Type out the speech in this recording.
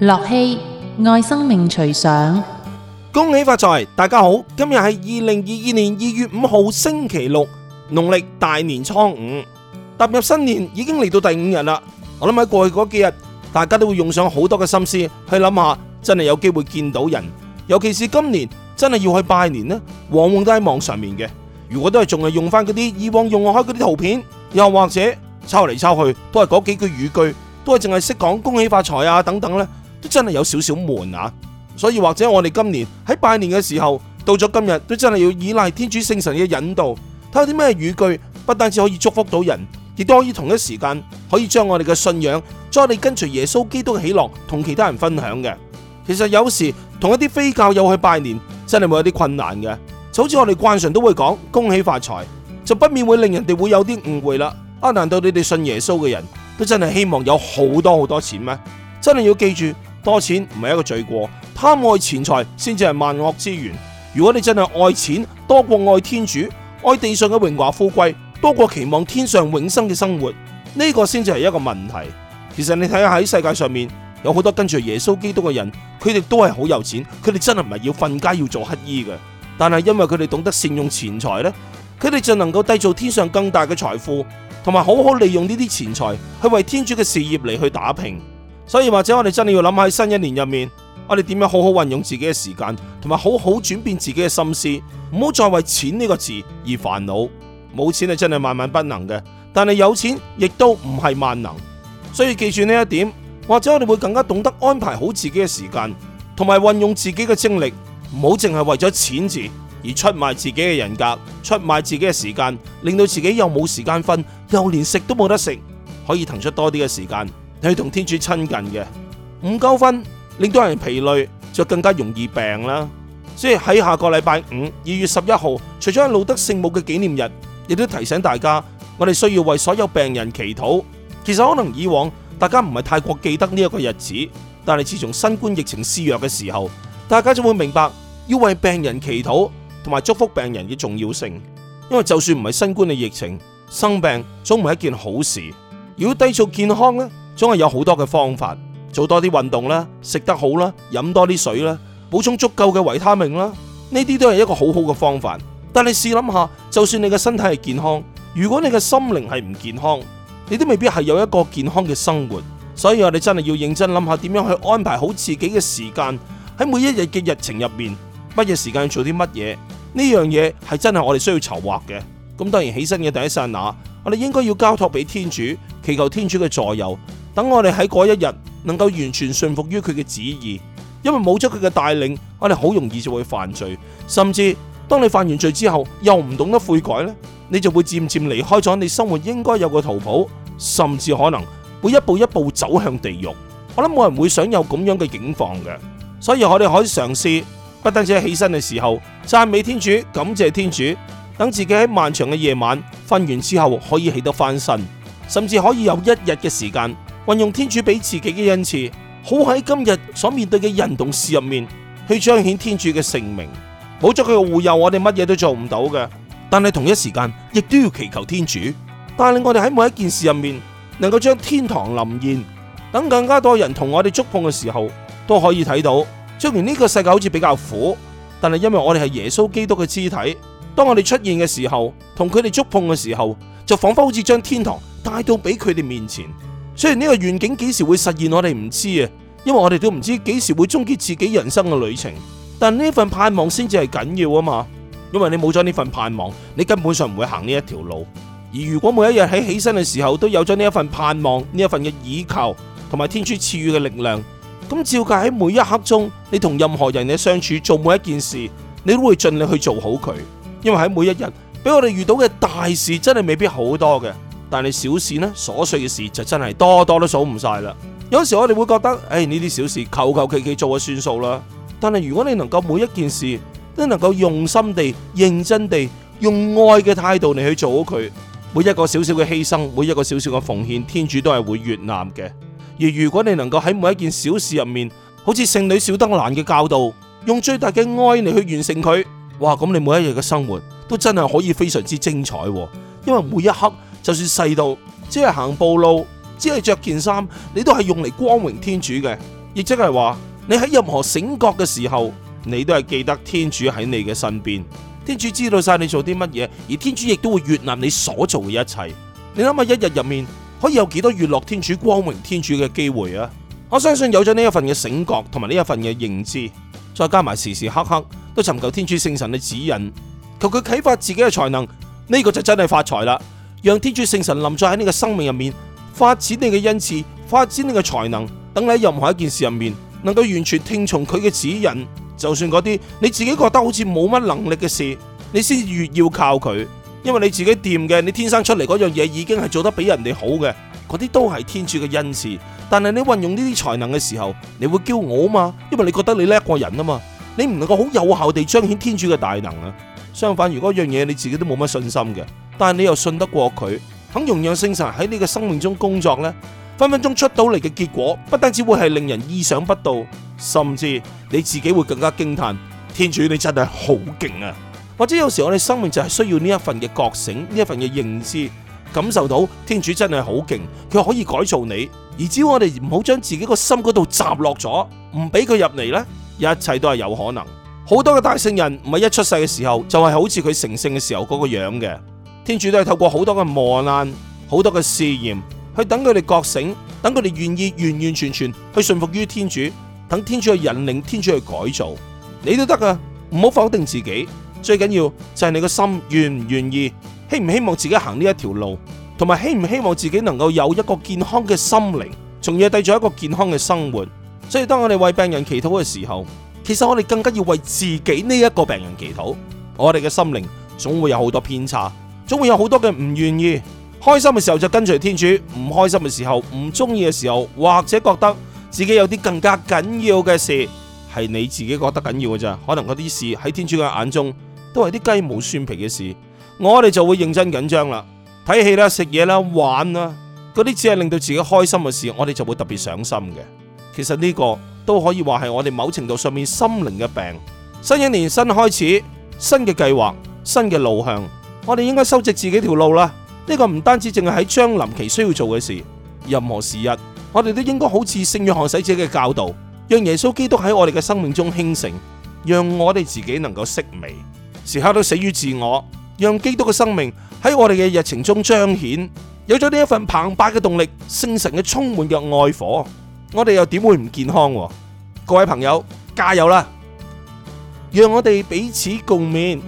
樂器愛生命隨想，恭喜發財！大家好，今日係二零二二年二月五號星期六，農曆大年初五，踏入新年已經嚟到第五日啦。我諗喺過去嗰幾日，大家都會用上好多嘅心思去諗下，真係有機會見到人，尤其是今年真係要去拜年呢。往往都喺網上面嘅，如果都係仲係用翻嗰啲以往用開嗰啲圖片，又或者抄嚟抄去，都係嗰幾句語句，都係淨係識講恭喜發財啊等等呢。都真係有少少悶啊！所以或者我哋今年喺拜年嘅時候，到咗今日都真係要依賴天主聖神嘅引導，睇下啲咩語句不單止可以祝福到人，亦都可以同一時間可以將我哋嘅信仰，將我哋跟隨耶穌基督嘅喜樂同其他人分享嘅。其實有時同一啲非教友去拜年，真係會有啲困難嘅。就好似我哋慣常都會講恭喜發財，就不免會令人哋會有啲誤會啦。啊，難道你哋信耶穌嘅人都真係希望有好多好多錢咩？真係要記住。多錢唔係一個罪過，貪愛錢財先至係萬惡之源。如果你真係愛錢多過愛天主，愛地上嘅榮華富貴多過期望天上永生嘅生活，呢個先至係一個問題。其實你睇下喺世界上面有好多跟住耶穌基督嘅人，佢哋都係好有錢，佢哋真係唔係要瞓街要做乞衣嘅，但係因為佢哋懂得善用錢財呢，佢哋就能夠締造天上更大嘅財富，同埋好好利用呢啲錢財去為天主嘅事業嚟去打拼。所以或者我哋真係要諗喺新一年入面，我哋點樣好好運用自己嘅時間，同埋好好轉變自己嘅心思，唔好再為錢呢個字而煩惱。冇錢係真係萬萬不能嘅，但係有錢亦都唔係萬能，所以記住呢一點，或者我哋會更加懂得安排好自己嘅時間，同埋運用自己嘅精力，唔好淨係為咗錢字而出賣自己嘅人格，出賣自己嘅時間，令到自己又冇時間瞓，又連食都冇得食，可以騰出多啲嘅時間。去同天主親近嘅，唔夠瞓令到人疲累，就更加容易病啦。所以喺下個禮拜五二月十一號，除咗係路德聖母嘅紀念日，亦都提醒大家，我哋需要為所有病人祈禱。其實可能以往大家唔係太過記得呢一個日子，但係自從新冠疫情肆虐嘅時候，大家就會明白要為病人祈禱同埋祝福病人嘅重要性。因為就算唔係新冠嘅疫情，生病總唔係一件好事。如果低造健康咧？總係有好多嘅方法，做多啲運動啦，食得好啦，飲多啲水啦，補充足夠嘅維他命啦，呢啲都係一個好好嘅方法。但你試諗下，就算你嘅身體係健康，如果你嘅心靈係唔健康，你都未必係有一個健康嘅生活。所以我哋真係要認真諗下，點樣去安排好自己嘅時間喺每一日嘅日程入面，乜嘢時間做啲乜嘢。呢樣嘢係真係我哋需要籌劃嘅。咁當然起身嘅第一剎那，我哋應該要交託俾天主，祈求天主嘅助佑。等我哋喺嗰一日能夠完全順服於佢嘅旨意，因為冇咗佢嘅帶領，我哋好容易就會犯罪，甚至當你犯完罪之後又唔懂得悔改咧，你就會漸漸離開咗你生活應該有個圖譜，甚至可能會一步一步走向地獄。我諗冇人會想有咁樣嘅境況嘅，所以我哋可以嘗試，不單止喺起身嘅時候讚美天主，感謝天主，等自己喺漫長嘅夜晚瞓完之後可以起得翻身，甚至可以有一日嘅時間。運用天主俾自己嘅恩賜，好喺今日所面對嘅人同事入面去彰顯天主嘅聖名，冇咗佢嘅護佑，我哋乜嘢都做唔到嘅。但係同一時間，亦都要祈求天主帶領我哋喺每一件事入面，能夠將天堂臨現，等更加多人同我哋觸碰嘅時候都可以睇到。雖然呢個世界好似比較苦，但係因為我哋係耶穌基督嘅肢體，當我哋出現嘅時候，同佢哋觸碰嘅時候，就仿佛好似將天堂帶到俾佢哋面前。雖然呢個願景幾時會實現，我哋唔知啊，因為我哋都唔知幾時會終結自己人生嘅旅程。但呢份盼望先至係緊要啊嘛，因為你冇咗呢份盼望，你根本上唔會行呢一條路。而如果每一日喺起身嘅時候都有咗呢一份盼望，呢一份嘅倚靠同埋天主賜予嘅力量，咁照計喺每一刻中，你同任何人嘅相處，做每一件事，你都會盡力去做好佢。因為喺每一日，俾我哋遇到嘅大事，真係未必好多嘅。但係小事呢？瑣碎嘅事就真係多多都數唔晒啦。有時我哋會覺得，誒呢啲小事，求求其其做下算數啦。但係如果你能夠每一件事都能夠用心地、認真地用愛嘅態度嚟去做好佢，每一個小小嘅犧牲，每一個小小嘅奉獻，天主都係會悅納嘅。而如果你能夠喺每一件小事入面，好似聖女小德蘭嘅教導，用最大嘅愛嚟去完成佢，哇！咁你每一日嘅生活都真係可以非常之精彩，因為每一刻。就算細到只係行步路，只係着件衫，你都係用嚟光榮天主嘅。亦即係話，你喺任何醒覺嘅時候，你都係記得天主喺你嘅身邊。天主知道晒你做啲乜嘢，而天主亦都會悅納你所做嘅一切。你諗下，一日入面可以有幾多悅樂天主、光榮天主嘅機會啊？我相信有咗呢一份嘅醒覺同埋呢一份嘅認知，再加埋時時刻刻都尋求天主聖神嘅指引，求佢啟發自己嘅才能，呢個就真係發財啦。讓天主聖神臨在喺你嘅生命入面，發展你嘅恩賜，發展你嘅才能，等你喺任何一件事入面能夠完全聽從佢嘅指引。就算嗰啲你自己覺得好似冇乜能力嘅事，你先越要靠佢，因為你自己掂嘅，你天生出嚟嗰樣嘢已經係做得比人哋好嘅，嗰啲都係天主嘅恩賜。但係你運用呢啲才能嘅時候，你會驕傲嘛？因為你覺得你叻過人啊嘛，你唔能夠好有效地彰顯天主嘅大能啊。相反，如果一樣嘢你自己都冇乜信心嘅。但係你又信得過佢肯容讓聖神喺你嘅生命中工作呢，分分鐘出到嚟嘅結果不單止會係令人意想不到，甚至你自己會更加驚嘆天主你真係好勁啊或者有時我哋生命就係需要呢一份嘅覺醒，呢一份嘅認知，感受到天主真係好勁，佢可以改造你。而只要我哋唔好將自己個心嗰度閘落咗，唔俾佢入嚟呢，一切都係有可能。好多嘅大聖人唔係一出世嘅時候就係好似佢成聖嘅時候嗰個樣嘅。天主都係透過好多嘅磨難、好多嘅試驗，去等佢哋覺醒，等佢哋願意完完全全去順服於天主，等天主去引領，天主去改造，你都得噶，唔好否定自己。最緊要就係你個心願唔願意，希唔希望自己行呢一條路，同埋希唔希望自己能夠有一個健康嘅心靈，仲要維持一個健康嘅生活。所以當我哋為病人祈禱嘅時候，其實我哋更加要為自己呢一個病人祈禱。我哋嘅心靈總會有好多偏差。總會有好多嘅唔願意，開心嘅時候就跟隨天主，唔開心嘅時候，唔中意嘅時候，或者覺得自己有啲更加緊要嘅事係你自己覺得緊要嘅。咋可能嗰啲事喺天主嘅眼中都係啲雞毛蒜皮嘅事？我哋就會認真緊張啦，睇戲啦，食嘢啦，玩啦，嗰啲只係令到自己開心嘅事，我哋就會特別上心嘅。其實呢個都可以話係我哋某程度上面心靈嘅病。新一年新開始，新嘅計劃，新嘅路向。我哋應該修直自己條路啦，呢個唔單止淨係喺將臨期需要做嘅事，任何時日我哋都應該好似聖約翰洗者嘅教導，讓耶穌基督喺我哋嘅生命中興盛，讓我哋自己能夠式微，時刻都死於自我，讓基督嘅生命喺我哋嘅日程中彰顯。有咗呢一份澎湃嘅動力，聖神嘅充滿嘅愛火，我哋又點會唔健康？各位朋友，加油啦！讓我哋彼此共勉。